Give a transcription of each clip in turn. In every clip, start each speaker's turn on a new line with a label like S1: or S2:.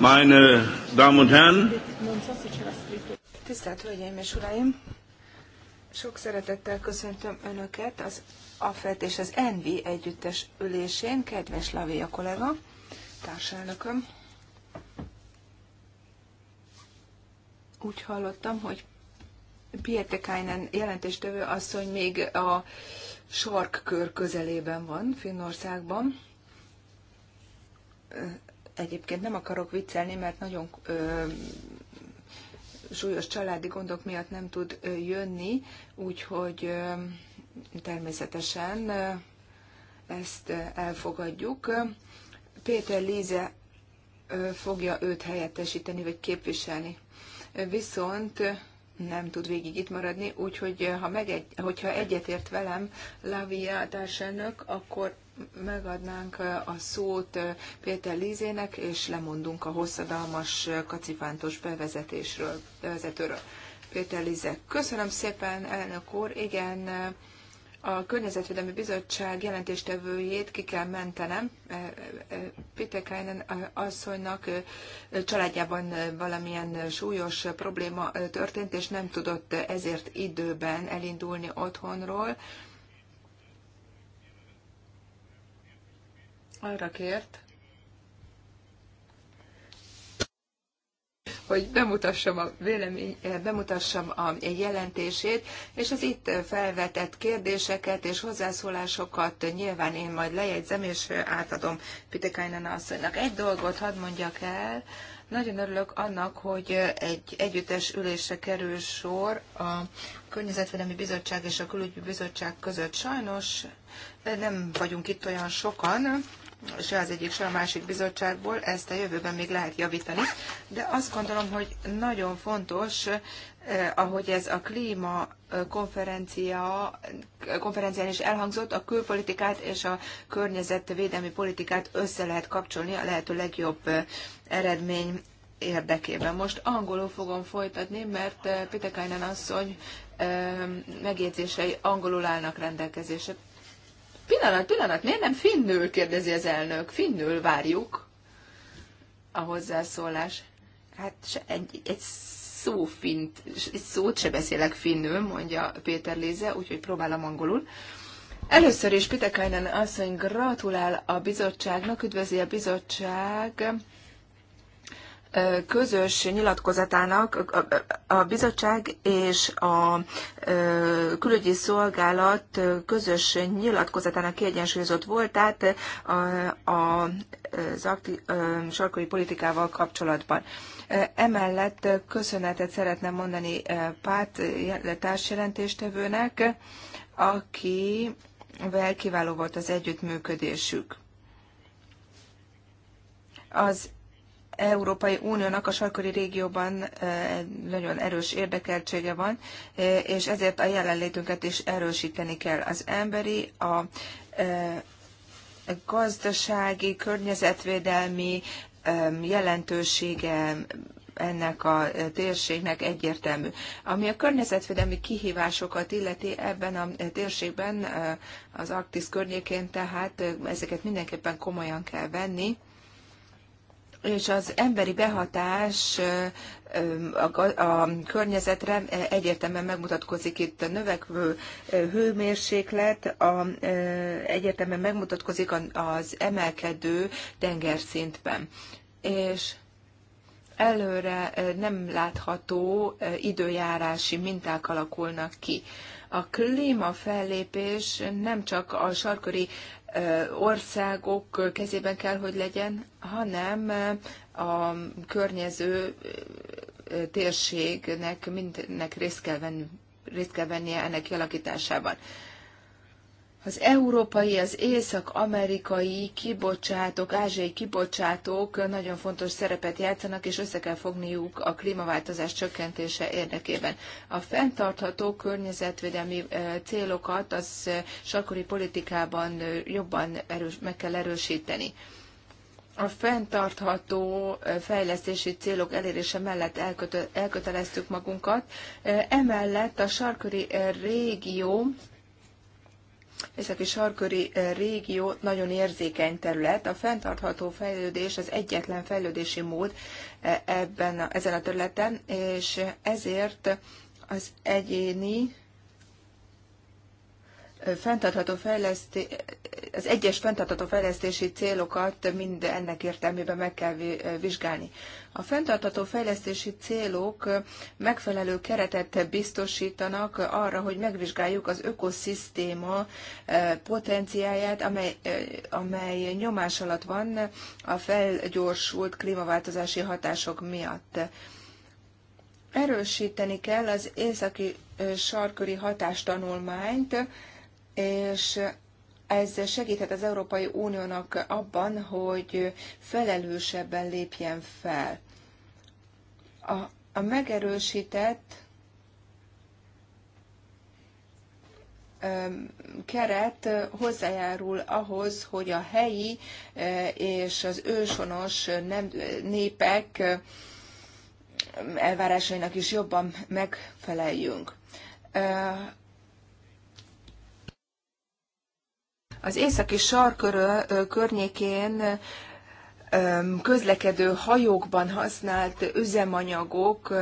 S1: Meine Damen und Herren! Tisztelt Hölgyeim és Uraim! Sok szeretettel köszöntöm Önöket az AFET és az ENVI együttes ülésén, kedves Lavia kollega, társelnököm. Úgy hallottam, hogy Pietekainen jelentéstevő asszony még a sarkkör közelében van, Finnországban Egyébként nem akarok viccelni, mert nagyon ö, súlyos családi gondok miatt nem tud ö, jönni, úgyhogy ö, természetesen ö, ezt elfogadjuk. Péter Líze fogja őt helyettesíteni, vagy képviselni. Viszont nem tud végig itt maradni, úgyhogy ha megegy, hogyha egyetért velem Lavia társelnök, akkor megadnánk a szót Péter Lízének, és lemondunk a hosszadalmas kacifántos bevezetésről, bevezetőről. Péter Lize, köszönöm szépen, elnök úr. Igen, a Környezetvédelmi Bizottság jelentéstevőjét ki kell mentenem. Péter Kájnen asszonynak családjában valamilyen súlyos probléma történt, és nem tudott ezért időben elindulni otthonról arra kért, hogy bemutassam a, vélemény, eh, bemutassam a jelentését, és az itt felvetett kérdéseket és hozzászólásokat nyilván én majd lejegyzem, és átadom Pitekainen asszonynak. Egy dolgot hadd mondjak el, nagyon örülök annak, hogy egy együttes ülésre kerül sor a Környezetvédelmi Bizottság és a Külügyi Bizottság között. Sajnos nem vagyunk itt olyan sokan, se az egyik, se a másik bizottságból, ezt a jövőben még lehet javítani, de azt gondolom, hogy nagyon fontos, eh, ahogy ez a klíma eh, konferencia, eh, konferencián is elhangzott, a külpolitikát és a környezetvédelmi politikát össze lehet kapcsolni a lehető legjobb eredmény érdekében. Most angolul fogom folytatni, mert Pitekainen asszony megjegyzései angolul állnak rendelkezésre. Pillanat, pillanat, miért nem finnül kérdezi az elnök? Finnül várjuk a hozzászólás. Hát se, egy, egy szó fint, egy szót se beszélek finnül, mondja Péter Léze, úgyhogy próbálom angolul. Először is Pitekainen asszony gratulál a bizottságnak, üdvözli a bizottság közös nyilatkozatának a bizottság és a külügyi szolgálat közös nyilatkozatának kiegyensúlyozott voltát az a sarkói politikával kapcsolatban. Emellett köszönetet szeretném mondani Pát társjelentéstevőnek, aki kiváló volt az együttműködésük. Az Európai Uniónak a sarköri régióban nagyon erős érdekeltsége van, és ezért a jelenlétünket is erősíteni kell. Az emberi, a gazdasági, környezetvédelmi jelentősége ennek a térségnek egyértelmű. Ami a környezetvédelmi kihívásokat illeti ebben a térségben, az Arktisz környékén, tehát ezeket mindenképpen komolyan kell venni és az emberi behatás a, a környezetre egyértelműen megmutatkozik itt a növekvő hőmérséklet, a, egyértelműen megmutatkozik az emelkedő tengerszintben. És előre nem látható időjárási minták alakulnak ki. A klímafellépés nem csak a sarköri országok kezében kell, hogy legyen, hanem a környező térségnek mindnek részt kell, venn, részt kell vennie ennek kialakításában az európai, az észak-amerikai kibocsátók, ázsiai kibocsátók nagyon fontos szerepet játszanak, és össze kell fogniuk a klímaváltozás csökkentése érdekében. A fenntartható környezetvédelmi célokat az sarkori politikában jobban erős, meg kell erősíteni. A fenntartható fejlesztési célok elérése mellett elköteleztük magunkat. Emellett a sarkori régió északi sarköri eh, régió nagyon érzékeny terület. A fenntartható fejlődés az egyetlen fejlődési mód eh, ebben a, ezen a területen, és ezért az egyéni eh, fenntartható fejlesztés az egyes fenntartató fejlesztési célokat mind ennek értelmében meg kell vizsgálni. A fenntartató fejlesztési célok megfelelő keretet biztosítanak arra, hogy megvizsgáljuk az ökoszisztéma eh, potenciáját, amely, eh, amely nyomás alatt van a felgyorsult klímaváltozási hatások miatt. Erősíteni kell az északi eh, sarköri hatástanulmányt, és ez segíthet az Európai Uniónak abban, hogy felelősebben lépjen fel. A, a megerősített keret hozzájárul ahhoz, hogy a helyi és az ősonos nem, népek elvárásainak is jobban megfeleljünk. Az északi sarkörő környékén közlekedő hajókban használt üzemanyagok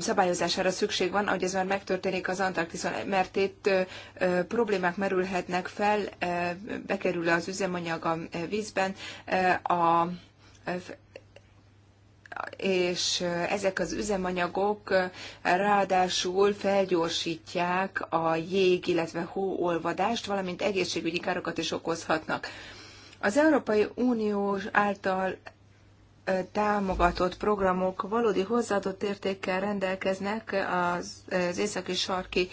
S1: szabályozására szükség van, ahogy ez már megtörténik az Antarktiszon, mert itt problémák merülhetnek fel, bekerül az üzemanyag a vízben, a és ezek az üzemanyagok ráadásul felgyorsítják a jég, illetve hóolvadást, valamint egészségügyi károkat is okozhatnak. Az Európai Unió által támogatott programok valódi hozzáadott értékkel rendelkeznek az, az északi sarki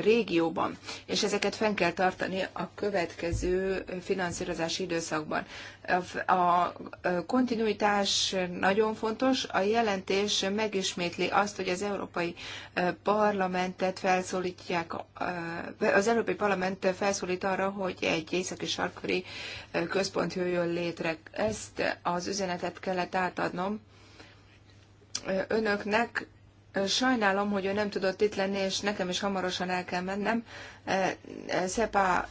S1: régióban, és ezeket fenn kell tartani a következő finanszírozási időszakban. A kontinuitás nagyon fontos, a jelentés megismétli azt, hogy az Európai Parlamentet felszólítják, az Európai Parlament felszólít arra, hogy egy északi sarkori központ jöjjön létre. Ezt az üzenetet kellett átadnom önöknek, Sajnálom, hogy ő nem tudott itt lenni, és nekem is hamarosan el kell mennem. Szepa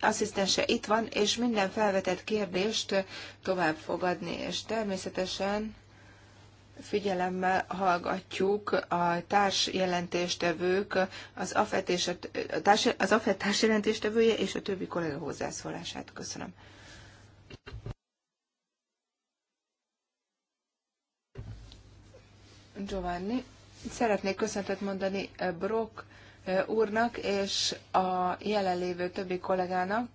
S1: asszisztense itt van, és minden felvetett kérdést tovább fogadni, és természetesen figyelemmel hallgatjuk a társ jelentéstevők, az AFET, és a, társ, az AFET társ jelentéstevője és a többi kollega hozzászólását. Köszönöm. Giovanni. Szeretnék köszöntet mondani eh, Brock eh, úrnak és a jelenlévő többi kollégának.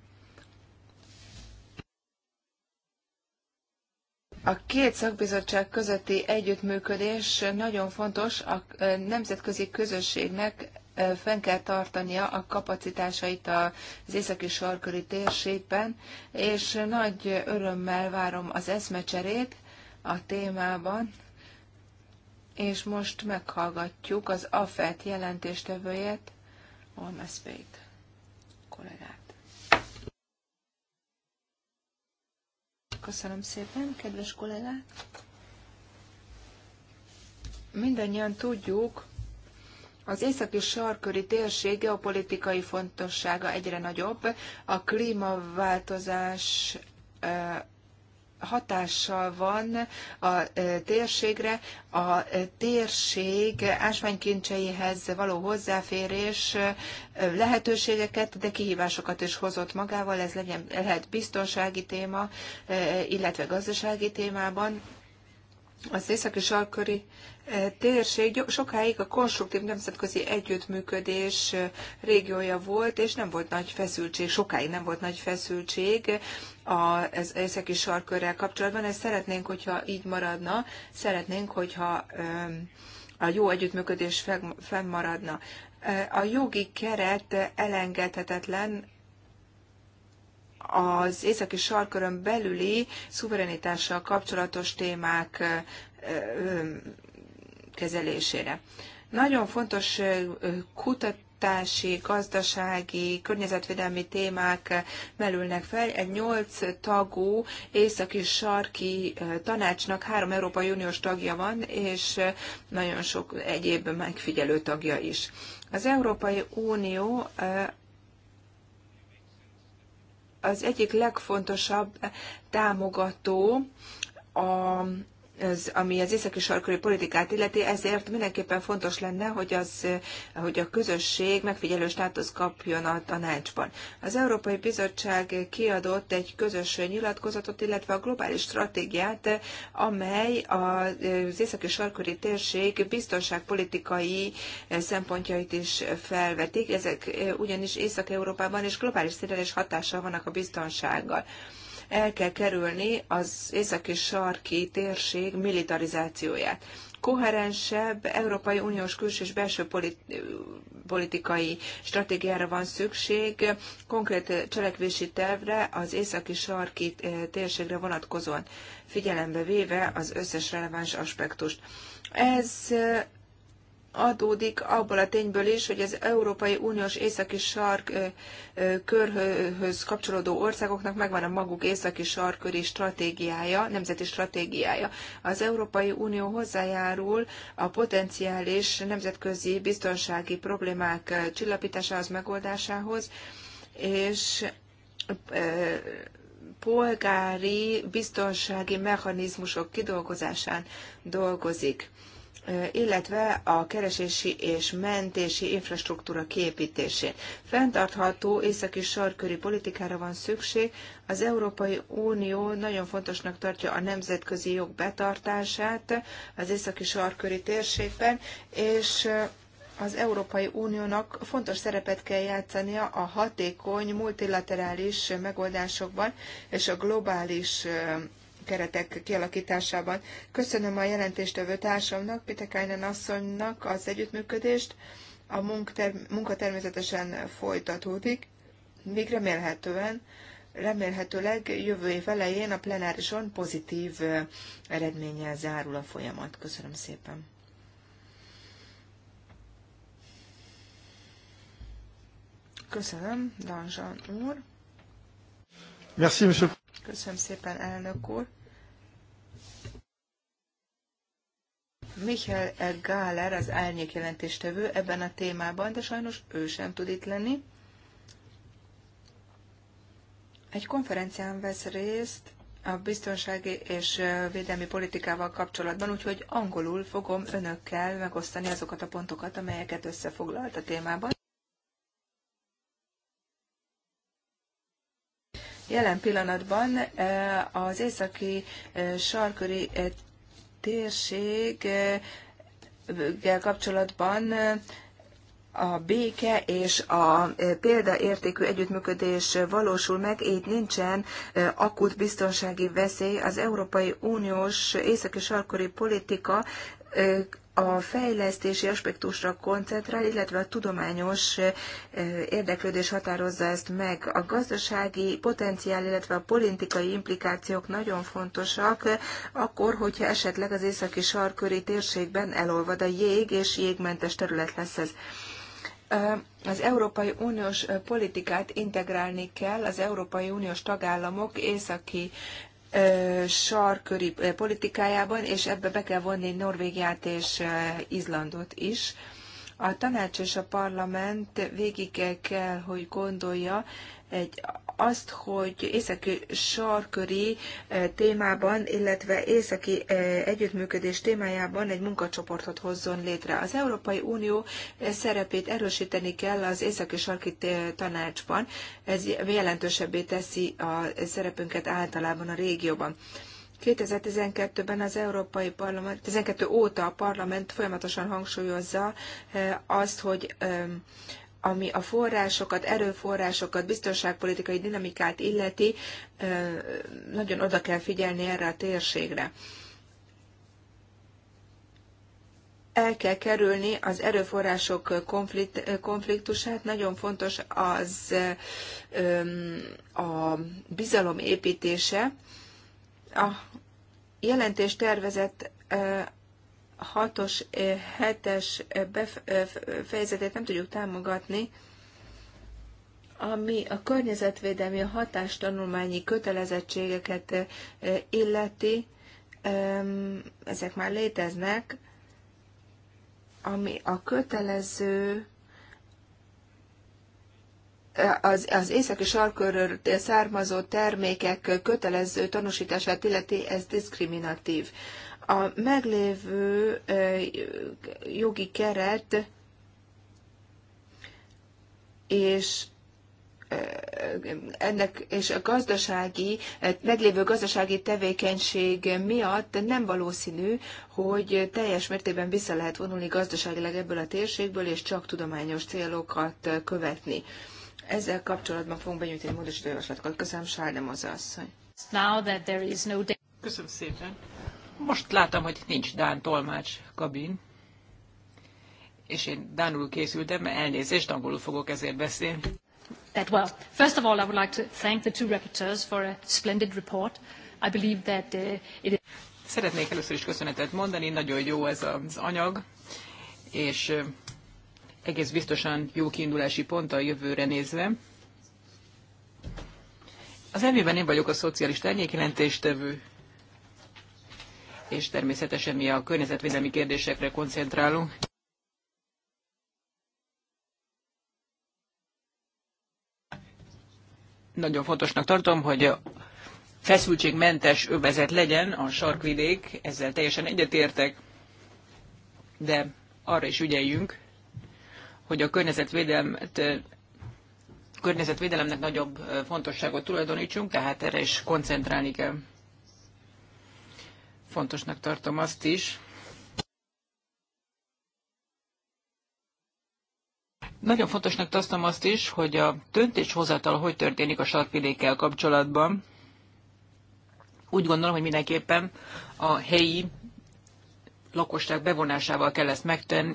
S1: A két szakbizottság közötti együttműködés nagyon fontos, a eh, nemzetközi közösségnek fenn kell tartania a kapacitásait az északi sarköri térségben, és nagy örömmel várom az eszmecserét a témában és most meghallgatjuk az AFET jelentéstevőjét, Olmeszbét kollégát. Köszönöm szépen, kedves kollégák! Mindannyian tudjuk, az északi sarköri térség geopolitikai fontossága egyre nagyobb, a klímaváltozás hatással van a térségre, a térség ásványkincseihez való hozzáférés lehetőségeket, de kihívásokat is hozott magával, ez legyen, lehet biztonsági téma, illetve gazdasági témában az északi sarköri e, térség sokáig a konstruktív nemzetközi együttműködés e, régiója volt, és nem volt nagy feszültség, sokáig nem volt nagy feszültség az északi sarkörrel kapcsolatban. Ezt szeretnénk, hogyha így maradna, szeretnénk, hogyha e, a jó együttműködés fennmaradna. A jogi keret elengedhetetlen az északi sarkörön belüli szuverenitással kapcsolatos témák kezelésére. Nagyon fontos kutatási gazdasági, környezetvédelmi témák merülnek fel. Egy nyolc tagú északi sarki tanácsnak három Európai Uniós tagja van, és nagyon sok egyéb megfigyelő tagja is. Az Európai Unió az egyik legfontosabb támogató a az, ami az északi sarkori politikát illeti, ezért mindenképpen fontos lenne, hogy, az, hogy a közösség megfigyelő státusz kapjon a tanácsban. Az Európai Bizottság kiadott egy közös nyilatkozatot, illetve a globális stratégiát, amely az északi sarkori térség biztonságpolitikai szempontjait is felvetik. Ezek ugyanis Észak-Európában és globális szinten is hatással vannak a biztonsággal. El kell kerülni az északi sarki térség militarizációját. Koherensebb Európai Uniós külső és belső politikai stratégiára van szükség, konkrét cselekvési tervre az északi sarki eh, térségre vonatkozóan, figyelembe véve az összes releváns aspektust. Ez eh, adódik abból a tényből is, hogy az Európai Uniós északi sark körhöz kapcsolódó országoknak megvan a maguk északi sarköri stratégiája, nemzeti stratégiája. Az Európai Unió hozzájárul a potenciális nemzetközi biztonsági problémák csillapításához, megoldásához, és polgári biztonsági mechanizmusok kidolgozásán dolgozik illetve a keresési és mentési infrastruktúra kiépítésén. Fenntartható északi sarköri politikára van szükség. Az Európai Unió nagyon fontosnak tartja a nemzetközi jog betartását az északi sarköri térségben, és az Európai Uniónak fontos szerepet kell játszania a hatékony multilaterális megoldásokban és a globális keretek kialakításában. Köszönöm a jelentéstevő társamnak, Pitekainen asszonynak az együttműködést. A munka természetesen folytatódik, még remélhetően, remélhetőleg jövő év elején a plenárison pozitív eredménnyel zárul a folyamat. Köszönöm szépen. Köszönöm, Danzsan úr. Merci, monsieur. Köszönöm szépen, elnök úr. Michael Gáler az árnyék jelentéstevő ebben a témában, de sajnos ő sem tud itt lenni. Egy konferencián vesz részt a biztonsági és védelmi politikával kapcsolatban, úgyhogy angolul fogom önökkel megosztani azokat a pontokat, amelyeket összefoglalt a témában. Jelen pillanatban az északi sarköri térséggel kapcsolatban a béke és a példaértékű együttműködés valósul meg, így nincsen akut biztonsági veszély. Az Európai Uniós északi sarkori politika a fejlesztési aspektusra koncentrál, illetve a tudományos érdeklődés határozza ezt meg. A gazdasági potenciál, illetve a politikai implikációk nagyon fontosak, akkor, hogyha esetleg az északi sarköri térségben elolvad a jég, és jégmentes terület lesz ez az Európai Uniós politikát integrálni kell, az Európai Uniós tagállamok északi sarköri politikájában, és ebbe be kell vonni Norvégiát és Izlandot is. A tanács és a parlament végig kell, hogy gondolja egy, azt, hogy északi sarköri e, témában, illetve északi e, együttműködés témájában egy munkacsoportot hozzon létre. Az Európai Unió e, szerepét erősíteni kell az északi sarki tanácsban, ez jelentősebbé teszi a szerepünket általában a régióban. 2012-ben az Európai Parlament, 12 óta a parlament folyamatosan hangsúlyozza azt, hogy ami a forrásokat, erőforrásokat, biztonságpolitikai dinamikát illeti, nagyon oda kell figyelni erre a térségre. El kell kerülni az erőforrások konflikt, konfliktusát, nagyon fontos az a bizalom építése. A jelentés tervezett hatos, hetes fejezetét nem tudjuk támogatni, ami a környezetvédelmi hatástanulmányi kötelezettségeket illeti, ezek már léteznek, ami a kötelező az, az északi sarkörről származó termékek kötelező tanúsítását illeti, ez diszkriminatív. A meglévő jogi keret és ennek és a gazdasági, meglévő gazdasági tevékenység miatt nem valószínű, hogy teljes mértékben vissza lehet vonulni gazdaságilag ebből a térségből, és csak tudományos célokat követni. Ezzel kapcsolatban fogunk benyújtani módosítójavaslatokat. Köszönöm, az asszony.
S2: Köszönöm
S3: szépen. Most látom, hogy nincs Dán tolmács kabin, és én Dánul készültem, elnézést, angolul fogok ezért beszélni.
S2: That well. First of all, I would like to thank the two rapporteurs for a splendid report. I believe that uh, it
S3: Szeretnék először is köszönetet mondani, nagyon jó ez az anyag, és egész biztosan jó kiindulási pont a jövőre nézve. Az elmében én vagyok a szocialista jelentéstevő és természetesen mi a környezetvédelmi kérdésekre koncentrálunk. Nagyon fontosnak tartom, hogy feszültségmentes övezet legyen a sarkvidék, ezzel teljesen egyetértek, de arra is ügyeljünk, hogy a környezetvédelmet környezetvédelemnek nagyobb fontosságot tulajdonítsunk, tehát erre is koncentrálni kell. Fontosnak tartom azt is, Nagyon fontosnak tartom azt is, hogy a döntéshozatal hogy történik a sarkvidékkel kapcsolatban. Úgy gondolom, hogy mindenképpen a helyi lakosság bevonásával kell ezt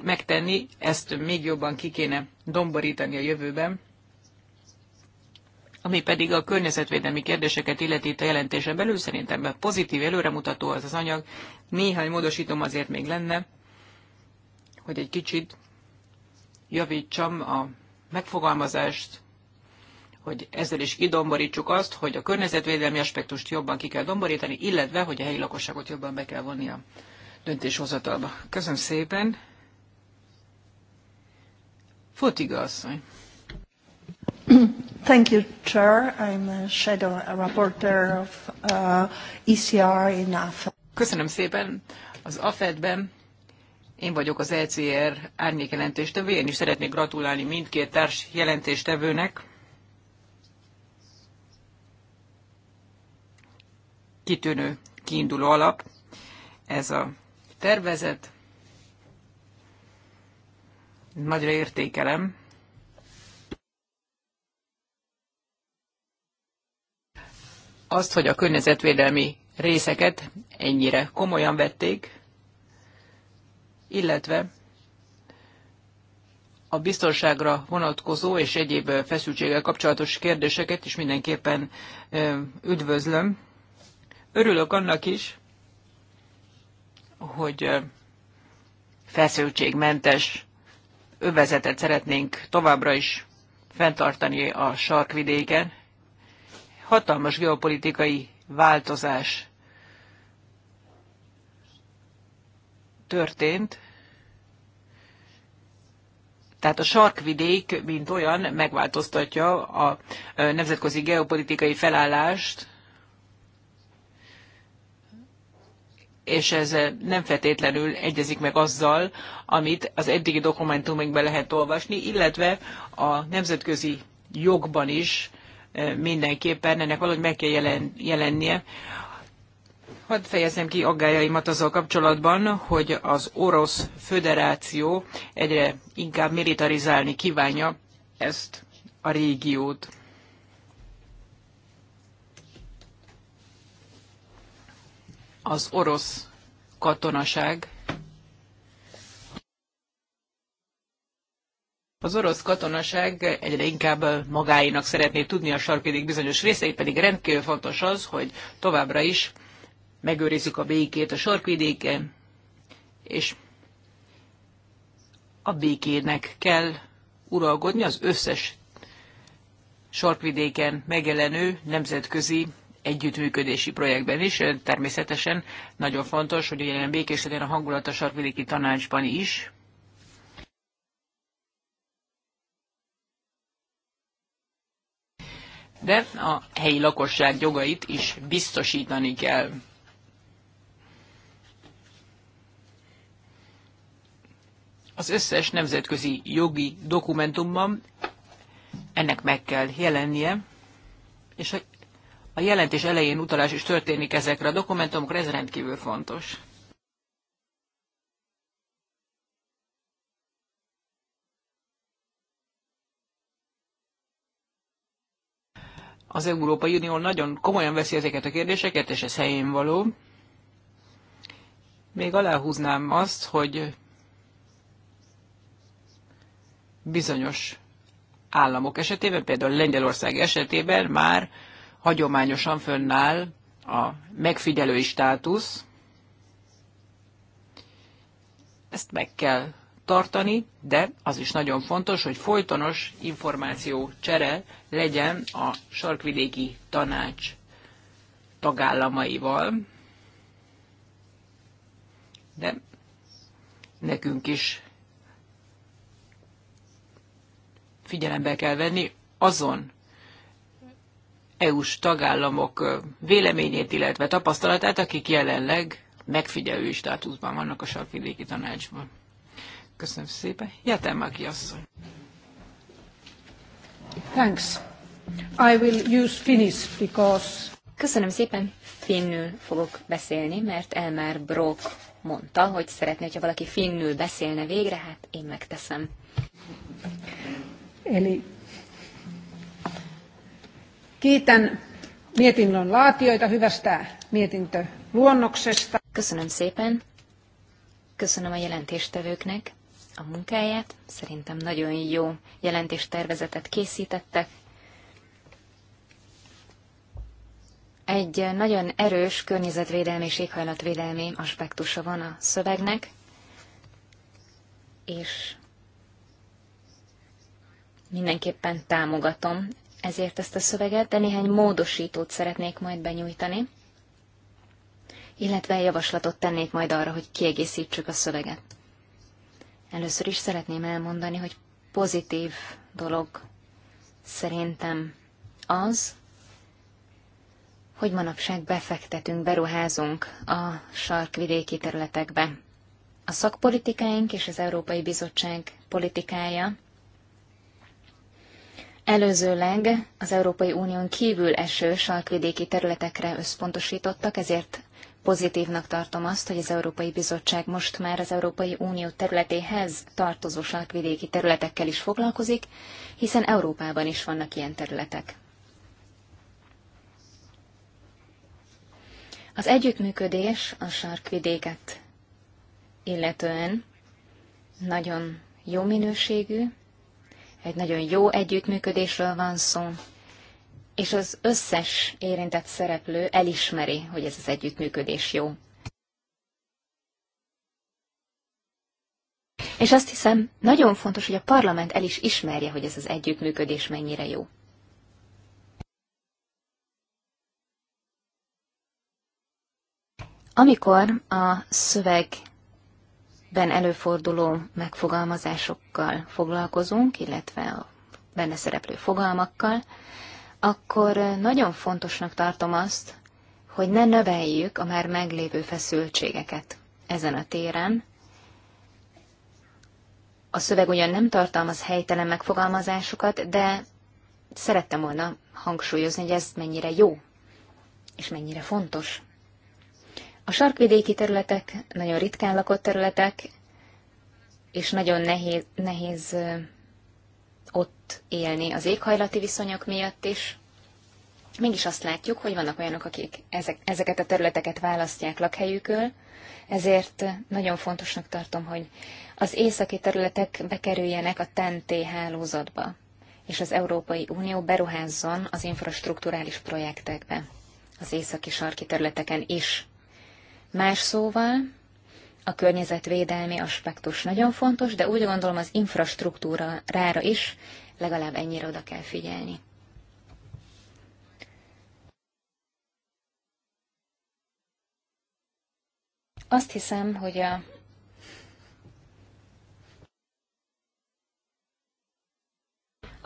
S3: megtenni, ezt még jobban ki kéne domborítani a jövőben. Ami pedig a környezetvédelmi kérdéseket illeti itt a jelentésen belül, szerintem pozitív, előremutató az az anyag. Néhány módosítom azért még lenne, hogy egy kicsit javítsam a megfogalmazást, hogy ezzel is kidomborítsuk azt, hogy a környezetvédelmi aspektust jobban ki kell domborítani, illetve, hogy a helyi lakosságot jobban be kell vonni a döntéshozatalba. Köszönöm szépen! Fotiga asszony!
S1: Thank you, Chair. I'm a shadow rapporteur of uh, ECR in AFED.
S3: Köszönöm szépen. Az AFED-ben én vagyok az ECR árnyékjelentéstevő. Én is szeretnék gratulálni mindkét társ jelentéstevőnek. Kitűnő kiinduló alap ez a tervezet. Nagyra értékelem azt, hogy a környezetvédelmi részeket ennyire komolyan vették, illetve a biztonságra vonatkozó és egyéb feszültséggel kapcsolatos kérdéseket is mindenképpen üdvözlöm. Örülök annak is, hogy feszültségmentes övezetet szeretnénk továbbra is fenntartani a sarkvidéken, hatalmas geopolitikai változás történt, tehát a sarkvidék, mint olyan, megváltoztatja a nemzetközi geopolitikai felállást, és ez nem feltétlenül egyezik meg azzal, amit az eddigi dokumentumokban lehet olvasni, illetve a nemzetközi jogban is mindenképpen ennek valahogy meg kell jelen, jelennie. Hadd fejezem ki aggájaimat azzal kapcsolatban, hogy az Orosz Föderáció egyre inkább militarizálni kívánja ezt a régiót. Az orosz katonaság Az orosz katonaság egyre inkább magáinak szeretné tudni a sarkvidék bizonyos részeit, pedig rendkívül fontos az, hogy továbbra is megőrizzük a békét a sarkvidéken, és a békének kell uralkodni az összes sarkvidéken megjelenő nemzetközi együttműködési projektben is. Természetesen nagyon fontos, hogy ilyen békés legyen a hangulat a sarkvidéki tanácsban is. de a helyi lakosság jogait is biztosítani kell. Az összes nemzetközi jogi dokumentumban ennek meg kell jelennie, és a jelentés elején utalás is történik ezekre a dokumentumokra, ez rendkívül fontos. az Európai Unió nagyon komolyan veszi ezeket a kérdéseket, és ez helyén való. Még aláhúznám azt, hogy bizonyos államok esetében, például Lengyelország esetében már hagyományosan fönnáll a megfigyelői státusz. Ezt meg kell tartani, de az is nagyon fontos, hogy folytonos információ csere legyen a sarkvidéki tanács tagállamaival, de nekünk is figyelembe kell venni azon EU-s tagállamok véleményét, illetve tapasztalatát, akik jelenleg megfigyelői státuszban vannak a sarkvidéki tanácsban. Köszönöm szépen. Jetem Maki asszony.
S1: Thanks. I will use Finnish because...
S2: Köszönöm szépen. Finnül fogok beszélni, mert Elmár Brock mondta, hogy szeretné, hogyha valaki finnül beszélne végre, hát én megteszem.
S1: Eli kiitän mietinnön laatijoita hyvästä mietintöluonnoksesta. Köszönöm szépen.
S2: Köszönöm a jelentéstevőknek a munkáját. Szerintem nagyon jó jelentéstervezetet készítettek. Egy nagyon erős környezetvédelmi és éghajlatvédelmi aspektusa van a szövegnek, és mindenképpen támogatom ezért ezt a szöveget, de néhány módosítót szeretnék majd benyújtani, illetve javaslatot tennék majd arra, hogy kiegészítsük a szöveget. Először is szeretném elmondani, hogy pozitív dolog szerintem az, hogy manapság befektetünk, beruházunk a sarkvidéki területekbe. A szakpolitikáink és az Európai Bizottság politikája előzőleg az Európai Unión kívül eső sarkvidéki területekre összpontosítottak, ezért Pozitívnak tartom azt, hogy az Európai Bizottság most már az Európai Unió területéhez tartozó sarkvidéki területekkel is foglalkozik, hiszen Európában is vannak ilyen területek. Az együttműködés a sarkvidéket illetően nagyon jó minőségű, egy nagyon jó együttműködésről van szó, és az összes érintett szereplő elismeri, hogy ez az együttműködés jó. És azt hiszem, nagyon fontos, hogy a parlament el is ismerje, hogy ez az együttműködés mennyire jó. Amikor a szövegben előforduló megfogalmazásokkal foglalkozunk, illetve a benne szereplő fogalmakkal, akkor eh, nagyon fontosnak tartom azt, hogy ne növeljük a már meglévő feszültségeket ezen a téren. A szöveg ugyan nem tartalmaz helytelen megfogalmazásokat, de szerettem volna hangsúlyozni, hogy ez mennyire jó, és mennyire fontos. A sarkvidéki területek nagyon ritkán lakott területek, és nagyon nehéz, nehéz eh, kellett élni az éghajlati viszonyok miatt is. Mégis azt látjuk, hogy vannak olyanok, akik ezek, ezeket a területeket választják lakhelyükről, ezért nagyon fontosnak tartom, hogy az északi területek bekerüljenek a TNT hálózatba, és az Európai Unió beruházzon az infrastruktúrális projektekbe, az északi sarki területeken is. Más szóval, a környezetvédelmi aspektus nagyon fontos, de úgy gondolom az infrastruktúra rára is legalább ennyire oda kell figyelni. Azt hiszem, hogy a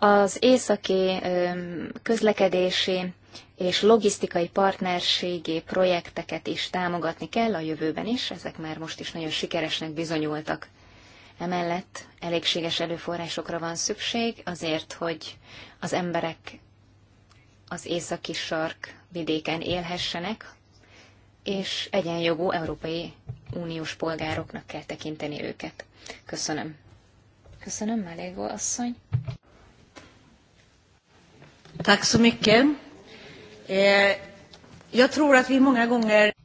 S2: az északi közlekedési és logisztikai partnerségi projekteket is támogatni kell a jövőben is, ezek már most is nagyon sikeresnek bizonyultak. Emellett elégséges előforrásokra van szükség azért, hogy az emberek az északi sark vidéken élhessenek, és egyenjogú Európai Uniós polgároknak kell tekinteni őket. Köszönöm. Köszönöm, Melégó asszony. Eh,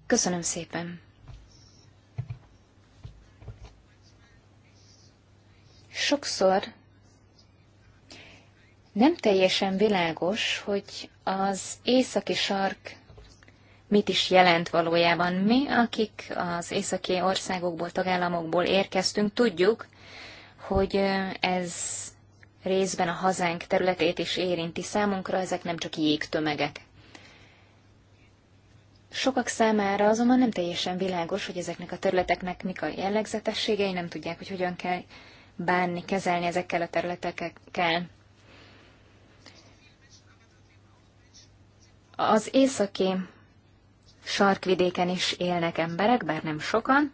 S2: Köszönöm szépen. sokszor nem teljesen világos, hogy az északi sark mit is jelent valójában. Mi, akik az északi országokból, tagállamokból érkeztünk, tudjuk, hogy ez részben a hazánk területét is érinti számunkra, ezek nem csak jégtömegek. Sokak számára azonban nem teljesen világos, hogy ezeknek a területeknek mik a jellegzetességei, nem tudják, hogy hogyan kell bánni, kezelni ezekkel a területekkel. Az északi sarkvidéken is élnek emberek, bár nem sokan,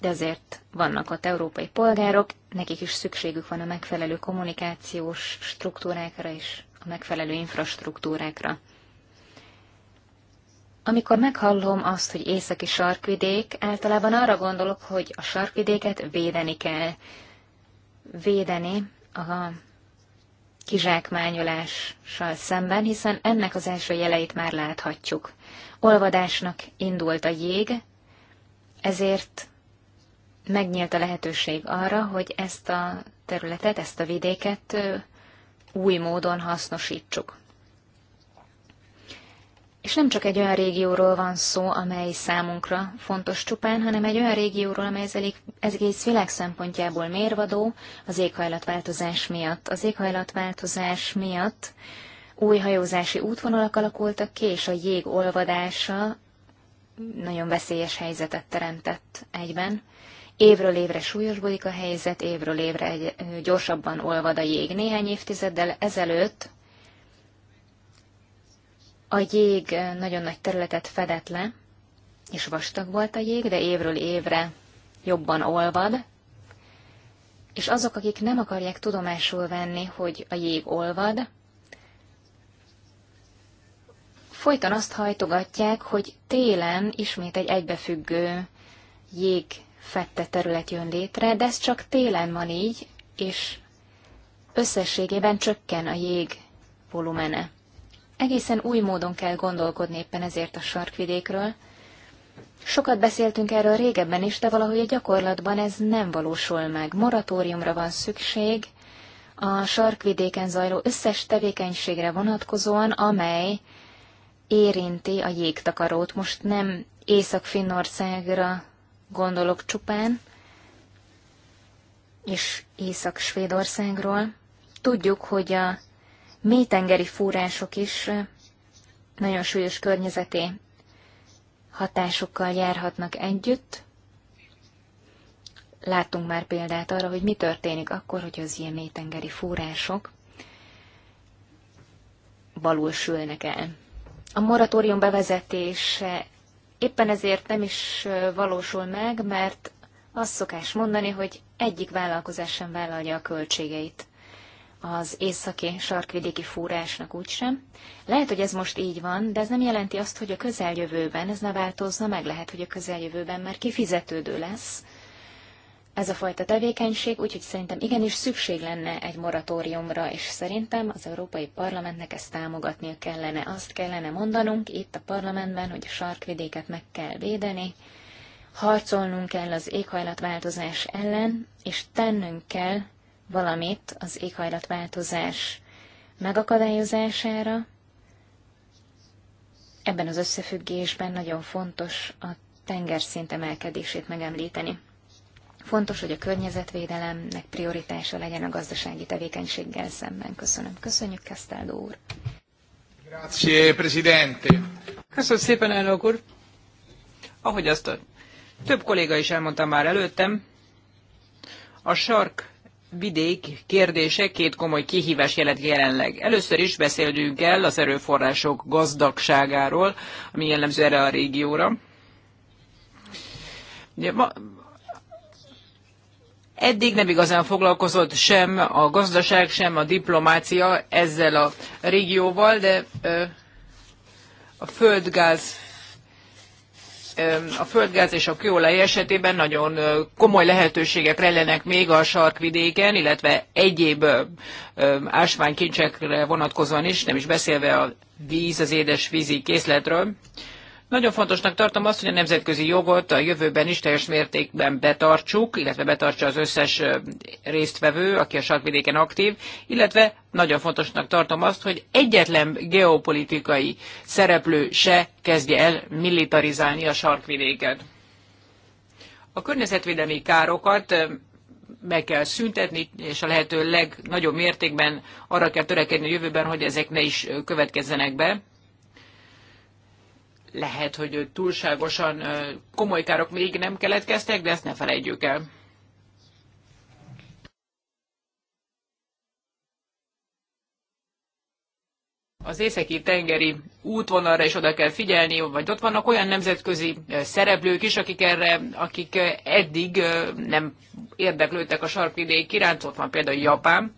S2: de azért vannak ott európai polgárok, nekik is szükségük van a megfelelő kommunikációs struktúrákra és a megfelelő infrastruktúrákra. Amikor meghallom azt, hogy északi sarkvidék, általában arra gondolok, hogy a sarkvidéket védeni kell, védeni a kizsákmányolással szemben, hiszen ennek az első jeleit már láthatjuk. Olvadásnak indult a jég, ezért megnyílt a lehetőség arra, hogy ezt a területet, ezt a vidéket új módon hasznosítsuk. És nem csak egy olyan régióról van szó, amely számunkra fontos csupán, hanem egy olyan régióról, amely ez egész világ szempontjából mérvadó az éghajlatváltozás miatt. Az éghajlatváltozás miatt új hajózási útvonalak alakultak ki, és a jég olvadása nagyon veszélyes helyzetet teremtett egyben. Évről évre súlyosbodik a helyzet, évről évre egy, gyorsabban olvad a jég. Néhány évtizeddel ezelőtt a jég nagyon nagy területet fedett le, és vastag volt a jég, de évről évre jobban olvad, és azok, akik nem akarják tudomásul venni, hogy a jég olvad, folyton azt hajtogatják, hogy télen ismét egy egybefüggő jég fette terület jön létre, de ez csak télen van így, és összességében csökken a jég volumene. Egészen új módon kell gondolkodni éppen ezért a sarkvidékről. Sokat beszéltünk erről régebben is, de valahogy a gyakorlatban ez nem valósul meg. Moratóriumra van szükség a sarkvidéken zajló összes tevékenységre vonatkozóan, amely érinti a jégtakarót. Most nem Észak-Finnországra gondolok csupán, és Észak-Svédországról. Tudjuk, hogy a mélytengeri fúrások is nagyon súlyos környezeti hatásokkal járhatnak együtt. Láttunk már példát arra, hogy mi történik akkor, hogy az ilyen mélytengeri fúrások balul sülnek el. A moratórium bevezetése éppen ezért nem is valósul meg, mert azt szokás mondani, hogy egyik vállalkozás sem vállalja a költségeit az északi sarkvidéki fúrásnak úgysem. Lehet, hogy ez most így van, de ez nem jelenti azt, hogy a közeljövőben ez ne változna, meg lehet, hogy a közeljövőben már kifizetődő lesz ez a fajta tevékenység, úgyhogy szerintem igenis szükség lenne egy moratóriumra, és szerintem az Európai Parlamentnek ezt támogatnia kellene. Azt kellene mondanunk itt a parlamentben, hogy a sarkvidéket meg kell védeni, harcolnunk kell az éghajlatváltozás ellen, és tennünk kell valamit az éghajlatváltozás megakadályozására. Ebben az összefüggésben nagyon fontos a tengerszint emelkedését megemlíteni. Fontos, hogy a környezetvédelemnek prioritása legyen a gazdasági tevékenységgel szemben. Köszönöm.
S3: Köszönjük, Castaldo úr. Grazie, Presidente. Köszönöm szépen, elnök úr. Ahogy azt a több kolléga is elmondta már előttem, a sark vidék kérdése két komoly kihívás jelent jelenleg. Először is beszélünk el az erőforrások gazdagságáról, ami jellemző erre a régióra. Ugye ma, eddig nem igazán foglalkozott sem a gazdaság, sem a diplomácia ezzel a régióval, de a földgáz a földgáz és a kőolaj esetében nagyon komoly lehetőségek rejlenek még a sarkvidéken, illetve egyéb ásványkincsekre vonatkozóan is, nem is beszélve a víz, az édes vízi készletről. Nagyon fontosnak tartom azt, hogy a nemzetközi jogot a jövőben is teljes mértékben betartsuk, illetve betartsa az összes résztvevő, aki a sarkvidéken aktív, illetve nagyon fontosnak tartom azt, hogy egyetlen geopolitikai szereplő se kezdje el militarizálni a sarkvidéket. A környezetvédelmi károkat meg kell szüntetni, és a lehető legnagyobb mértékben arra kell törekedni a jövőben, hogy ezek ne is következzenek be. Lehet, hogy túlságosan komoly károk még nem keletkeztek, de ezt ne felejtjük el. az északi tengeri útvonalra is oda kell figyelni, vagy ott vannak olyan nemzetközi szereplők is, akik, erre, akik eddig nem érdeklődtek a sarkvidék iránt, ott van például Japán.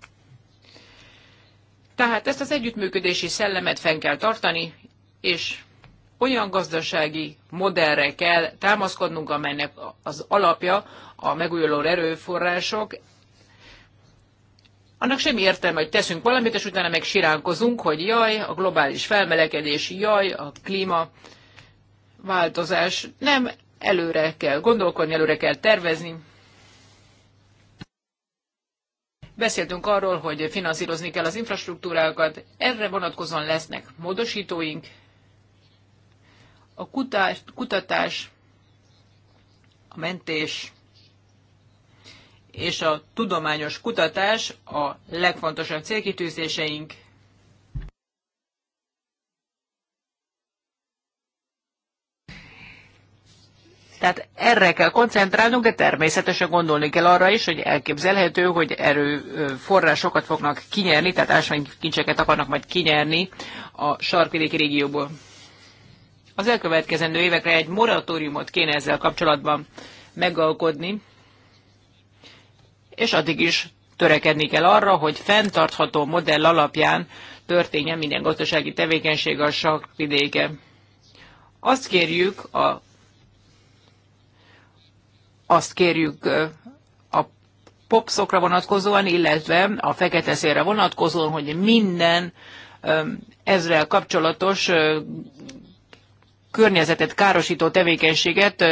S3: Tehát ezt az együttműködési szellemet fenn kell tartani, és olyan gazdasági modellre kell támaszkodnunk, amelynek az alapja a megújuló erőforrások. Annak semmi értelme, hogy teszünk valamit, és utána meg siránkozunk, hogy jaj, a globális felmelegedés, jaj, a klíma változás. Nem, előre kell gondolkodni, előre kell tervezni. Beszéltünk arról, hogy finanszírozni kell az infrastruktúrákat, erre vonatkozóan lesznek módosítóink, a kutás, kutatás, a mentés és a tudományos kutatás a legfontosabb célkitűzéseink. Tehát erre kell koncentrálnunk, de természetesen gondolni kell arra is, hogy elképzelhető, hogy erőforrásokat fognak kinyerni, tehát ásványkincseket akarnak majd kinyerni a sarkvidéki régióból. Az elkövetkezendő évekre egy moratóriumot kéne ezzel kapcsolatban megalkodni, és addig is törekedni kell arra, hogy fenntartható modell alapján történjen minden gazdasági tevékenység a sakvidéke. Azt kérjük a azt kérjük a popszokra vonatkozóan, illetve a fekete szélre vonatkozóan, hogy minden ezzel kapcsolatos környezetet károsító tevékenységet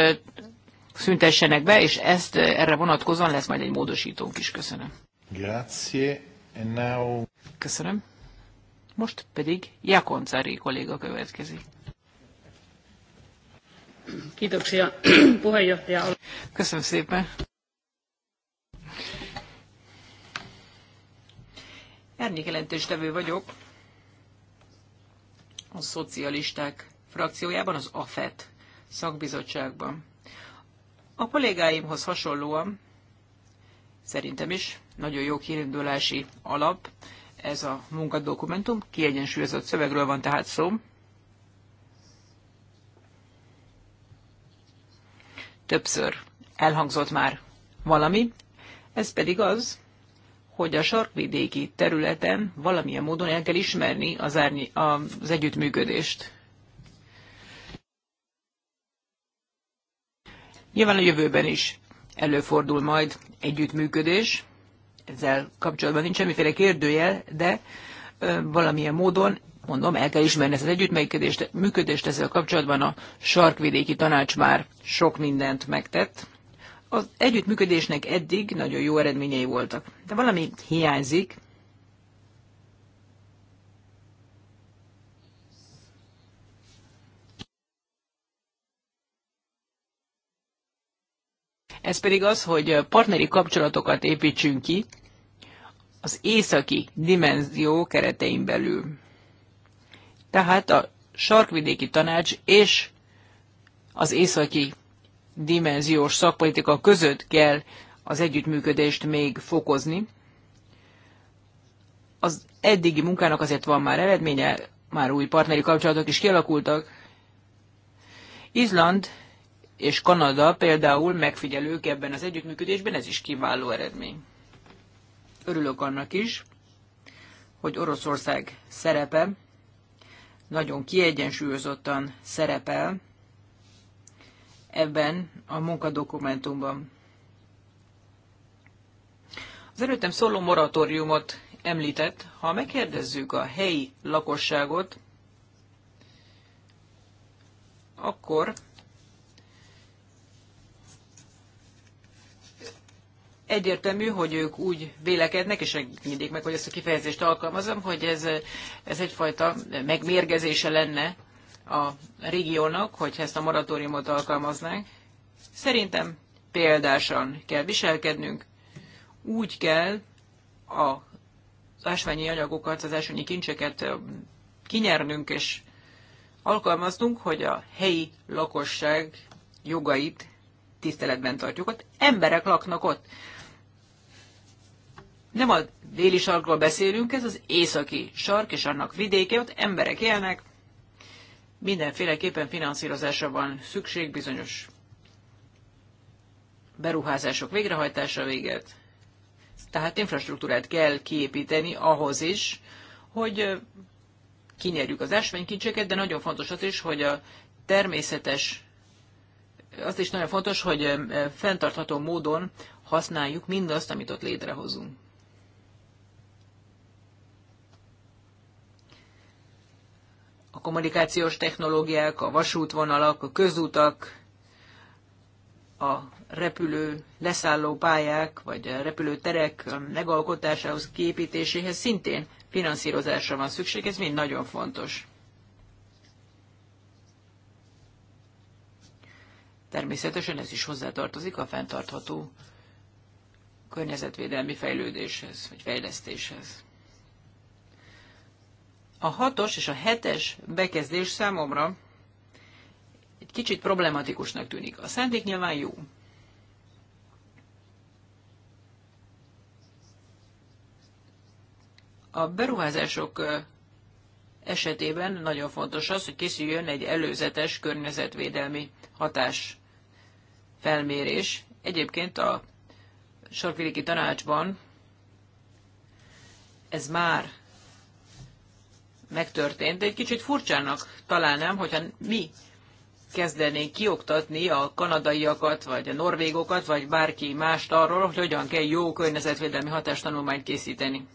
S3: szüntessenek be, és ezt erre vonatkozóan lesz majd egy módosítónk is. Köszönöm. Grazie. And now... Köszönöm. Most pedig Jakoncári kolléga következik. Köszönöm szépen. Árnyék jelentéstevő vagyok a szocialisták frakciójában, az AFET szakbizottságban. A kollégáimhoz hasonlóan szerintem is nagyon jó kiindulási alap ez a munkadokumentum. Kiegyensúlyozott szövegről van tehát szó. Többször elhangzott már valami, ez pedig az, hogy a sarkvidéki területen valamilyen módon el kell ismerni az, árny- az együttműködést. Nyilván a jövőben is előfordul majd együttműködés, ezzel kapcsolatban nincs semmiféle kérdőjel, de valamilyen módon, mondom, el kell ismerni ezt az együttműködést, működést ezzel kapcsolatban a sarkvidéki tanács már sok mindent megtett. Az együttműködésnek eddig nagyon jó eredményei voltak, de valami hiányzik, Ez pedig az, hogy partneri kapcsolatokat építsünk ki az északi dimenzió keretein belül. Tehát a sarkvidéki tanács és az északi dimenziós szakpolitika között kell az együttműködést még fokozni. Az eddigi munkának azért van már eredménye, már új partneri kapcsolatok is kialakultak. Izland és Kanada például megfigyelők ebben az együttműködésben, ez is kiváló eredmény. Örülök annak is, hogy Oroszország szerepe nagyon kiegyensúlyozottan szerepel ebben a munkadokumentumban. Az előttem szóló moratóriumot említett, ha megkérdezzük a helyi lakosságot, akkor egyértelmű, hogy ők úgy vélekednek, és mindig meg, hogy ezt a kifejezést alkalmazom, hogy ez, ez egyfajta megmérgezése lenne a régiónak, hogyha ezt a moratóriumot alkalmaznánk. Szerintem példásan kell viselkednünk, úgy kell a ásványi anyagokat, az ásványi kincseket kinyernünk és alkalmaznunk, hogy a helyi lakosság jogait tiszteletben tartjuk. Ott emberek laknak ott nem a déli sarkról beszélünk, ez az északi sark és annak vidéke, ott emberek élnek, mindenféleképpen finanszírozásra van szükség bizonyos beruházások végrehajtása véget. Tehát infrastruktúrát kell kiépíteni ahhoz is, hogy kinyerjük az ásványkincseket, de nagyon fontos az is, hogy a természetes, az is nagyon fontos, hogy fenntartható módon használjuk mindazt, amit ott létrehozunk. kommunikációs technológiák, a vasútvonalak, a közutak, a repülő leszálló pályák, vagy a repülőterek megalkotásához, kiépítéséhez szintén finanszírozásra van szükség, ez mind nagyon fontos. Természetesen ez is hozzátartozik a fenntartható környezetvédelmi fejlődéshez, vagy fejlesztéshez. A hatos és a hetes bekezdés számomra egy kicsit problematikusnak tűnik. A szándék nyilván jó. A beruházások esetében nagyon fontos az, hogy készüljön egy előzetes környezetvédelmi hatás felmérés. Egyébként a sarkvidéki tanácsban ez már megtörtént, de egy kicsit furcsának találnám, hogyha mi kezdenénk kioktatni a kanadaiakat, vagy a norvégokat, vagy bárki mást arról, hogy hogyan kell jó környezetvédelmi hatástanulmányt készíteni.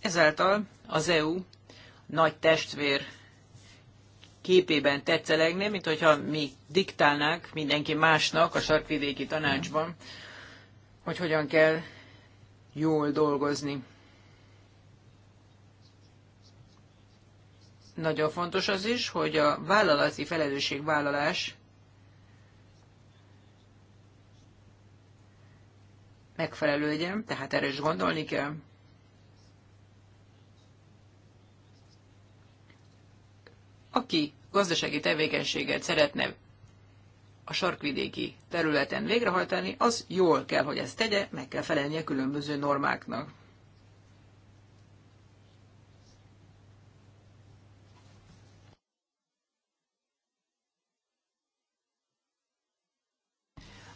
S3: Ezáltal az EU nagy testvér képében tetszelegné, mint hogyha mi diktálnák mindenki másnak a sarkvidéki tanácsban, hogy hogyan kell jól dolgozni. Nagyon fontos az is, hogy a vállalati felelősségvállalás megfelelő legyen, tehát erre is gondolni kell. Aki gazdasági tevékenységet szeretne a sarkvidéki területen végrehajtani, az jól kell, hogy ezt tegye, meg kell felelnie különböző normáknak.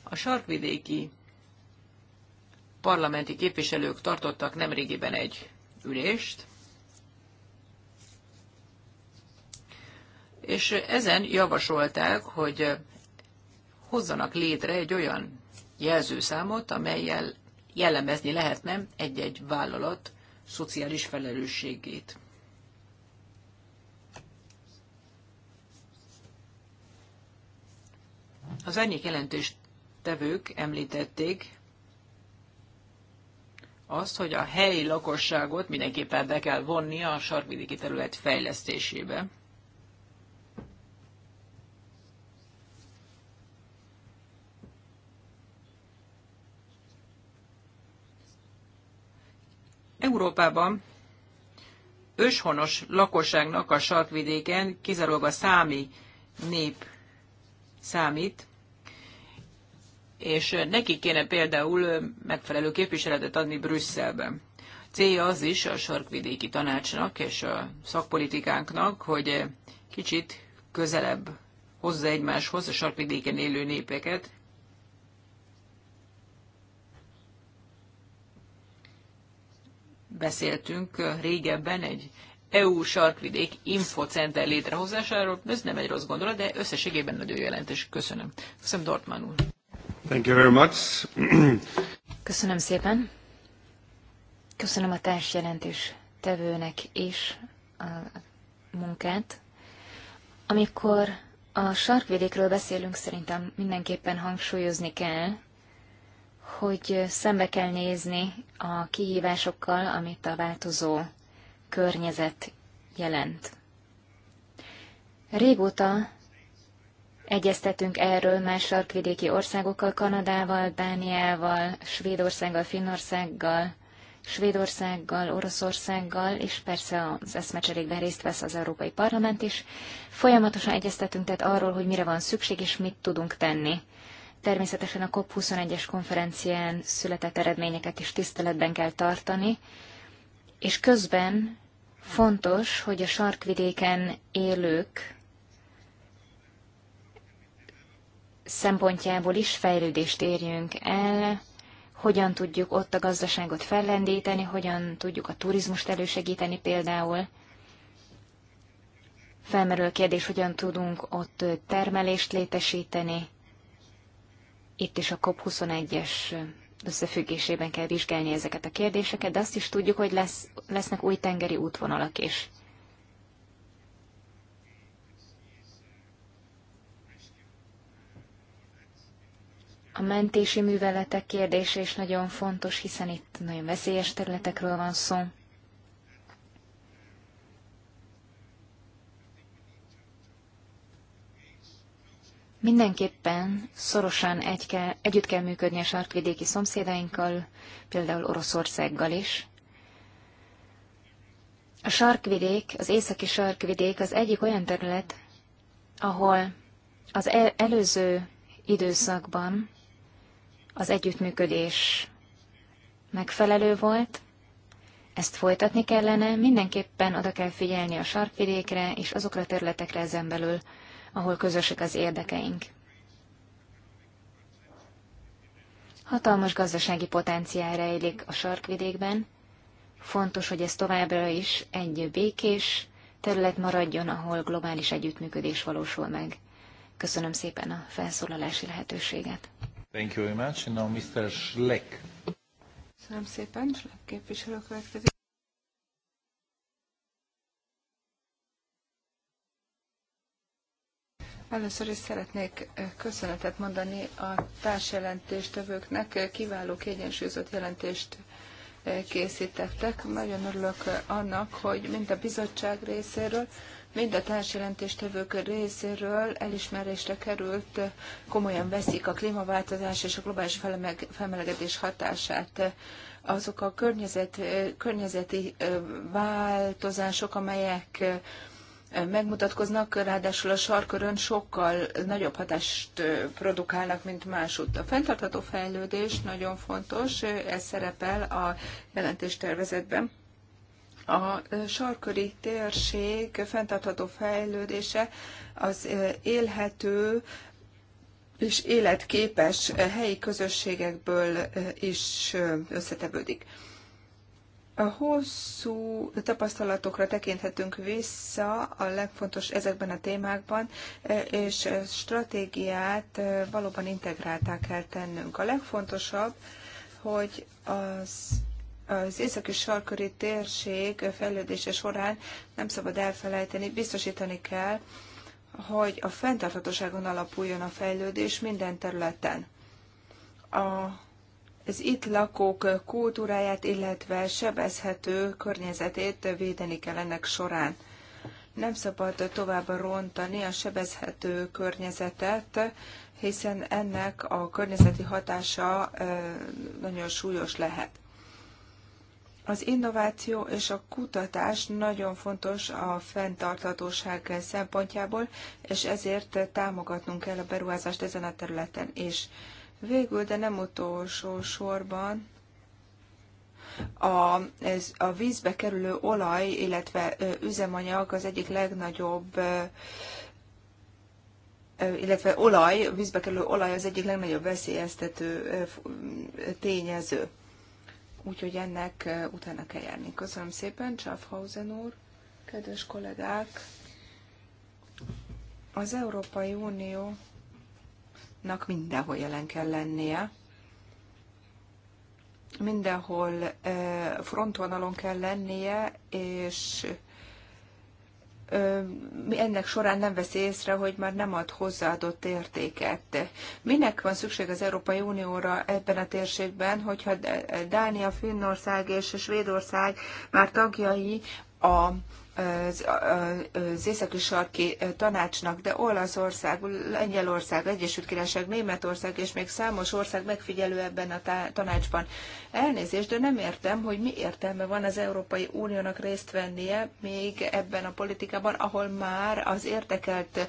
S3: A sarkvidéki parlamenti képviselők tartottak nemrégiben egy ülést, és ezen javasolták, hogy hozzanak létre egy olyan jelzőszámot, amelyel jellemezni lehetne egy-egy vállalat szociális felelősségét. Az ennyi jelentést tevők említették azt, hogy a helyi lakosságot mindenképpen be kell vonni a sarkvidéki terület fejlesztésébe. Európában őshonos lakosságnak a sarkvidéken kizárólag a számi nép számít, és neki kéne például megfelelő képviseletet adni Brüsszelben. Célja az is a sarkvidéki tanácsnak és a szakpolitikánknak, hogy kicsit közelebb hozza egymáshoz a sarkvidéken élő népeket, beszéltünk régebben egy EU sarkvidék infocenter létrehozásáról. Ez nem egy rossz gondolat, de összességében nagyon jelentős. Köszönöm. Köszönöm Dortmann úr. Thank you very much.
S2: Köszönöm szépen. Köszönöm a társjelentés tevőnek is a munkát. Amikor a sarkvidékről beszélünk, szerintem mindenképpen hangsúlyozni kell, hogy szembe kell nézni a kihívásokkal, amit a változó környezet jelent. Régóta egyeztetünk erről más sarkvidéki országokkal, Kanadával, Dániával, Svédországgal, Finnországgal, Svédországgal, Oroszországgal, és persze az eszmecserékben részt vesz az Európai Parlament is. Folyamatosan egyeztetünk tehát arról, hogy mire van szükség, és mit tudunk tenni. Természetesen a COP21-es konferencián született eredményeket is tiszteletben kell tartani, és közben fontos, hogy a sarkvidéken élők szempontjából is fejlődést érjünk el, hogyan tudjuk ott a gazdaságot fellendíteni, hogyan tudjuk a turizmust elősegíteni például. Felmerül a kérdés, hogyan tudunk ott termelést létesíteni, itt is a COP21-es összefüggésében kell vizsgálni ezeket a kérdéseket, de azt is tudjuk, hogy lesz, lesznek új tengeri útvonalak is. A mentési műveletek kérdése is nagyon fontos, hiszen itt nagyon veszélyes területekről van szó. Mindenképpen szorosan egy kell, együtt kell működni a sarkvidéki szomszédainkkal, például Oroszországgal is. A sarkvidék, az északi sarkvidék az egyik olyan terület, ahol az el, előző időszakban az együttműködés megfelelő volt, ezt folytatni kellene, mindenképpen oda kell figyelni a sarkvidékre és azokra a területekre ezen belül, ahol közösek az érdekeink. Hatalmas gazdasági potenciál rejlik a sarkvidékben. Fontos, hogy ez továbbra is egy békés terület maradjon, ahol globális együttműködés valósul meg. Köszönöm szépen a felszólalási lehetőséget.
S3: Thank you very much. And now Mr. Schleck.
S1: Köszönöm szépen, Schleck képviselő következik. Először is szeretnék köszönetet mondani a társjelentéstevőknek. Kiváló kiegyensúlyozott jelentést készítettek. Nagyon örülök annak, hogy mind a bizottság részéről, mind a társjelentéstevők részéről elismerésre került, komolyan veszik a klímaváltozás és a globális felmelegedés hatását. Azok a környezet, környezeti változások, amelyek megmutatkoznak, ráadásul a sarkörön sokkal nagyobb hatást produkálnak, mint másút. A fenntartható fejlődés nagyon fontos, ez szerepel a jelentéstervezetben. A sarköri térség fenntartható fejlődése az élhető és életképes helyi közösségekből is összetevődik. A hosszú tapasztalatokra tekinthetünk vissza a legfontos ezekben a témákban, e, és e, stratégiát e, valóban integrálták kell tennünk. A legfontosabb, hogy az az északi sarköri térség fejlődése során nem szabad elfelejteni, biztosítani kell, hogy a fenntarthatóságon alapuljon a fejlődés minden területen. A az itt lakók kultúráját, illetve sebezhető környezetét védeni kell ennek során. Nem szabad tovább rontani a sebezhető környezetet, hiszen ennek a környezeti hatása nagyon súlyos lehet. Az innováció és a kutatás nagyon fontos a fenntarthatóság szempontjából, és ezért támogatnunk kell a beruházást ezen a területen is. És Végül, de nem utolsó sorban, a, ez a vízbe kerülő olaj, illetve üzemanyag az egyik legnagyobb illetve olaj, vízbe kerülő olaj az egyik legnagyobb veszélyeztető tényező. Úgyhogy ennek utána kell járni. Köszönöm szépen, Schaffhausen úr, kedves kollégák! Az Európai Unió nak mindenhol jelen kell lennie. Mindenhol frontvonalon kell lennie, és ennek során nem veszi észre, hogy már nem ad hozzáadott értéket. Minek van szükség az Európai Unióra ebben a térségben, hogyha Dánia, Finnország és Svédország már tagjai a az, az északi sarki tanácsnak, de Olaszország, Lengyelország, Egyesült Királyság, Németország és még számos ország megfigyelő ebben a tanácsban. Elnézést, de nem értem, hogy mi értelme van az Európai Uniónak részt vennie még ebben a politikában, ahol már az értekelt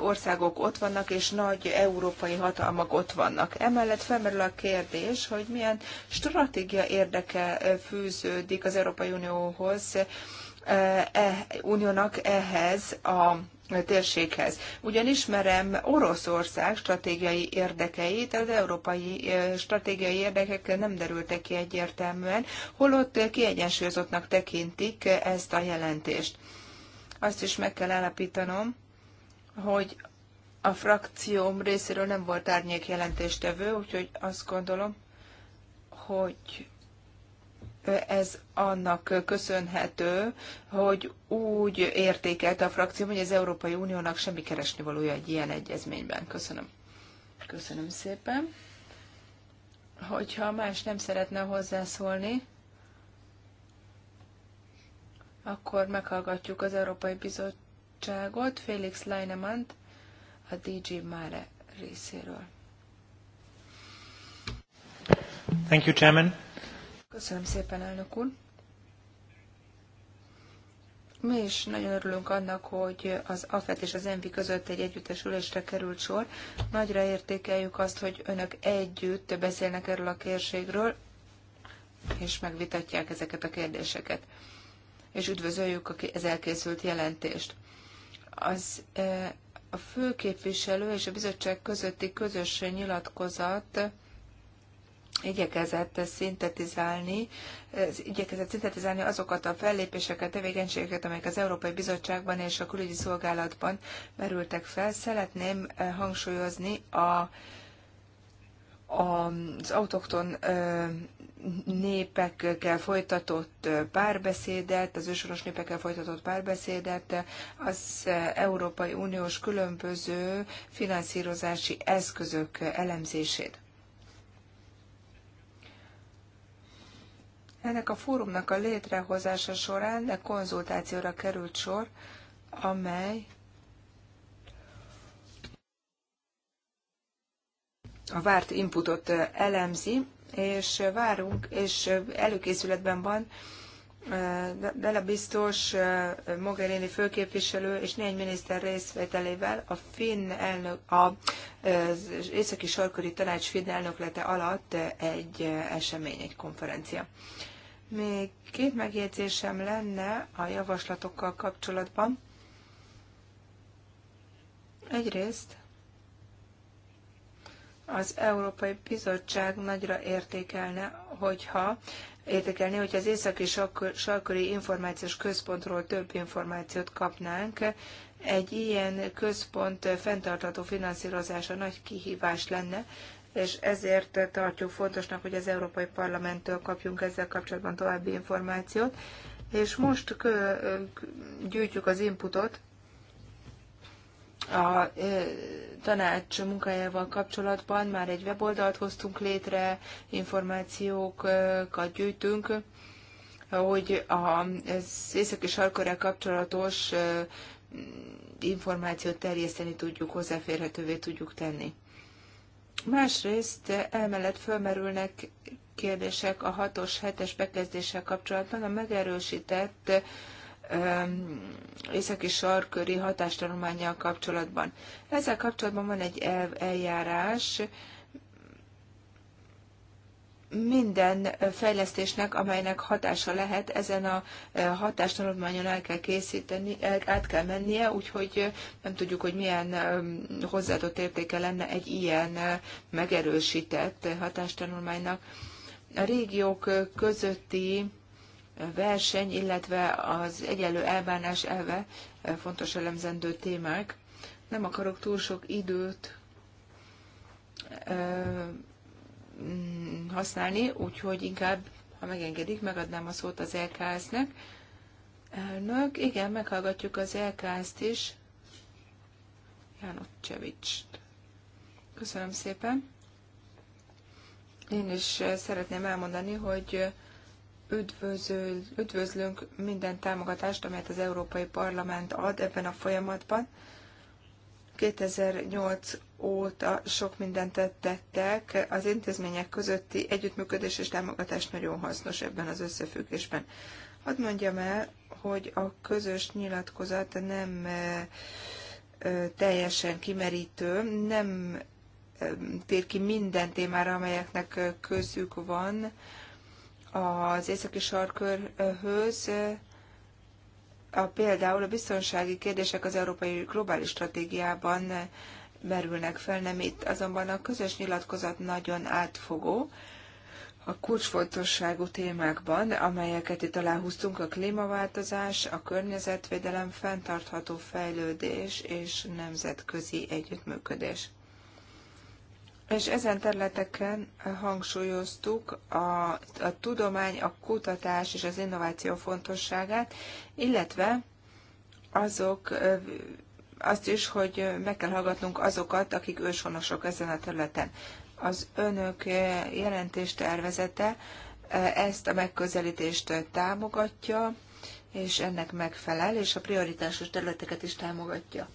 S1: országok ott vannak, és nagy európai hatalmak ott vannak. Emellett felmerül a kérdés, hogy milyen stratégia érdeke fűződik az Európai Unióhoz, e, Uniónak ehhez a térséghez. Ugyan ismerem Oroszország stratégiai érdekeit, az európai stratégiai érdekek nem derültek ki egyértelműen, holott kiegyensúlyozottnak tekintik ezt a jelentést. Azt is meg kell állapítanom, hogy a frakcióm részéről nem volt árnyék jelentéstevő, úgyhogy azt gondolom, hogy ez annak köszönhető, hogy úgy értékelte a frakció, hogy az Európai Uniónak semmi valója egy ilyen egyezményben. Köszönöm. Köszönöm szépen. Hogyha más nem szeretne hozzászólni, akkor meghallgatjuk az Európai Bizottságot, Félix Leinemant, a DG Mare részéről.
S3: Thank you, Chairman.
S1: Köszönöm szépen, elnök úr. Mi is nagyon örülünk annak, hogy az AFET és az ENVI között egy együttes ülésre került sor. Nagyra értékeljük azt, hogy önök együtt beszélnek erről a kérségről, és megvitatják ezeket a kérdéseket. És üdvözöljük az elkészült jelentést. Az eh, a főképviselő és a bizottság közötti közös nyilatkozat igyekezett szintetizálni, igyekezett szintetizálni azokat a fellépéseket, tevékenységeket, amelyek az Európai Bizottságban és a külügyi szolgálatban merültek fel. Szeretném eh, hangsúlyozni a, az autokton eh, eh, népekkel folytatott párbeszédet, az ősoros népekkel folytatott párbeszédet, az Európai Uniós különböző finanszírozási eszközök elemzését. Ennek a fórumnak a létrehozása során de konzultációra került sor, amely a várt inputot elemzi, és várunk, és előkészületben van a biztos, Mogherini főképviselő és négy miniszter részvételével a finn elnök, a, az északi sorkori tanács finn elnöklete alatt egy esemény, egy konferencia. Még két megjegyzésem lenne a javaslatokkal kapcsolatban. Egyrészt az Európai Bizottság nagyra értékelne, hogyha értékelni, hogy az északi sarköri információs központról több információt kapnánk. Egy ilyen központ fenntartató finanszírozása nagy kihívás lenne, és ezért tartjuk fontosnak, hogy az Európai Parlamenttől kapjunk ezzel kapcsolatban további információt. És most gyűjtjük az inputot a tanács munkájával kapcsolatban. Már egy weboldalt hoztunk létre, információkat gyűjtünk, hogy az északi sarkörrel kapcsolatos információt terjeszteni tudjuk, hozzáférhetővé tudjuk tenni. Másrészt emellett fölmerülnek kérdések a 6-os, 7-es bekezdéssel kapcsolatban a megerősített északi sarköri hatástanulmányjal kapcsolatban. Ezzel kapcsolatban van egy eljárás, minden fejlesztésnek, amelynek hatása lehet, ezen a e, hatástanulmányon el kell készíteni, át kell mennie, úgyhogy e, nem tudjuk, hogy milyen e, hozzáadott értéke lenne egy ilyen megerősített hatástanulmánynak. A régiók közötti verseny, illetve az egyenlő elbánás elve fontos elemzendő témák. Nem akarok túl sok időt Mm, használni, úgyhogy inkább, ha megengedik, megadnám a szót az LKS-nek. Elnök, igen, meghallgatjuk az LKS-t is. Csevics. Köszönöm szépen. Én is szeretném elmondani, hogy üdvözöl, üdvözlünk minden támogatást, amelyet az Európai Parlament ad ebben a folyamatban. 2008 óta sok mindent tettek, az intézmények közötti együttműködés és támogatás nagyon hasznos ebben az összefüggésben. Hadd mondjam el, hogy a közös nyilatkozat nem e, e, teljesen kimerítő, nem e, tér ki minden témára, amelyeknek közük van az északi sarkörhöz, a, például a biztonsági kérdések az európai globális stratégiában merülnek fel, nem itt. Azonban a közös nyilatkozat nagyon átfogó a kulcsfontosságú témákban, amelyeket itt aláhúztunk, a klímaváltozás, a környezetvédelem, fenntartható fejlődés és nemzetközi együttműködés. És ezen területeken hangsúlyoztuk a, a tudomány, a kutatás és az innováció fontosságát, illetve azok azt is, hogy meg kell hallgatnunk azokat, akik őshonosok ezen a területen. Az önök jelentés tervezete e, ezt a megközelítést támogatja, és ennek megfelel, és a prioritásos területeket is támogatja.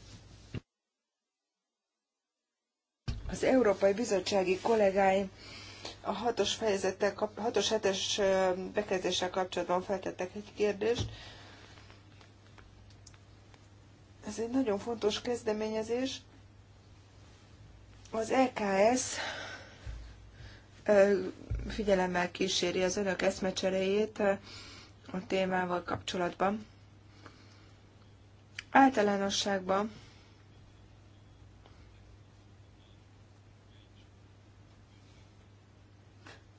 S1: Az Európai Bizottsági kollégáim a hatos fejezettel, hatos hetes bekezdéssel kapcsolatban feltettek egy kérdést, ez egy nagyon fontos kezdeményezés. Az EKS figyelemmel kíséri az önök eszmecseréjét a témával kapcsolatban. Általánosságban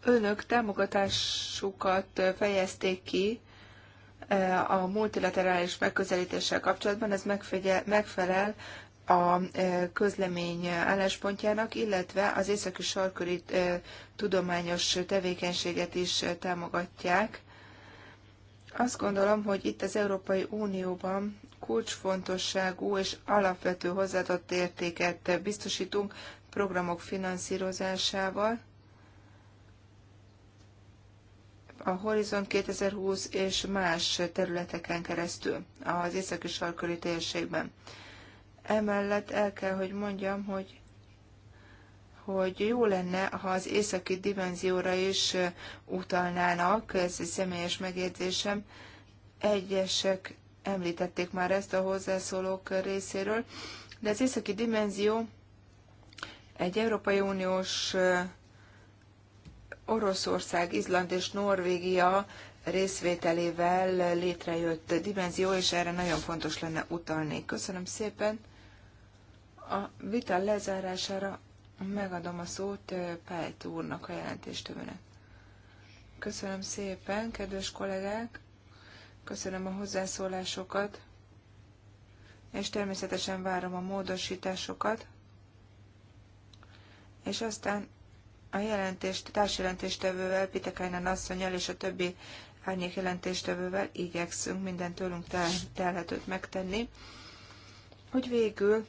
S1: önök támogatásukat fejezték ki a multilaterális megközelítéssel kapcsolatban ez megfigyel, megfelel a e, közlemény álláspontjának, illetve az északi sarköri e, tudományos tevékenységet is támogatják. Azt gondolom, hogy itt az Európai Unióban kulcsfontosságú és alapvető hozzáadott értéket biztosítunk programok finanszírozásával, a Horizon 2020 és más területeken keresztül az északi sarköri térségben. Emellett el kell, hogy mondjam, hogy hogy jó lenne, ha az északi dimenzióra is utalnának, ez egy személyes megjegyzésem. Egyesek említették már ezt a hozzászólók részéről, de az északi dimenzió egy Európai Uniós Oroszország, Izland és Norvégia részvételével létrejött dimenzió, és erre nagyon fontos lenne utalni. Köszönöm szépen. A vita lezárására megadom a szót eh, Pájt úrnak, a jelentéstövőnek. Köszönöm szépen, kedves kollégák! Köszönöm a hozzászólásokat, és természetesen várom a módosításokat, és aztán a jelentést, társjelentéstevővel, Pitekainen asszonyjal és a többi árnyék jelentéstevővel igyekszünk minden tőlünk tel- telhetőt megtenni, hogy végül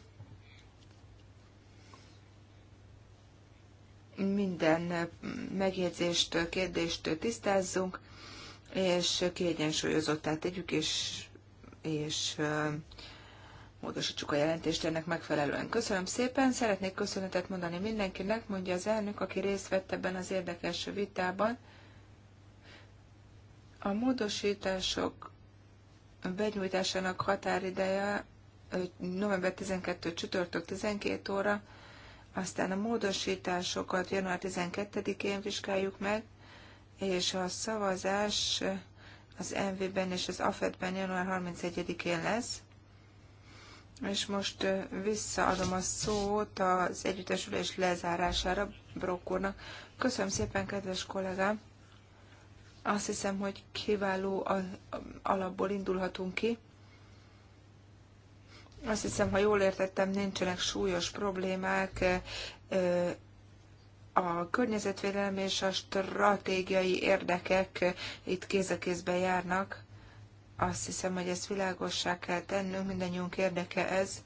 S1: minden megjegyzést, kérdést tisztázzunk, és kiegyensúlyozottá tegyük, és, és módosítsuk a jelentést ennek megfelelően. Köszönöm szépen, szeretnék köszönetet mondani mindenkinek, mondja az elnök, aki részt vett ebben az érdekes vitában. A módosítások benyújtásának határideje november 12 csütörtök 12 óra, aztán a módosításokat január 12-én vizsgáljuk meg, és a szavazás az MV-ben és az AFED-ben január 31-én lesz. És most visszaadom a szót az együttesülés lezárására Brokk úrnak. Köszönöm szépen, kedves kollégám! Azt hiszem, hogy kiváló alapból indulhatunk ki. Azt hiszem, ha jól értettem, nincsenek súlyos problémák a környezetvédelem és a stratégiai érdekek itt kéz a kézben járnak. Azt hiszem, hogy ezt világossá kell tennünk, mindannyiunk érdeke ez,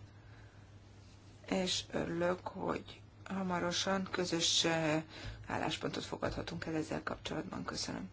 S1: és örülök, hogy hamarosan közös eh, álláspontot fogadhatunk el ezzel kapcsolatban. Köszönöm.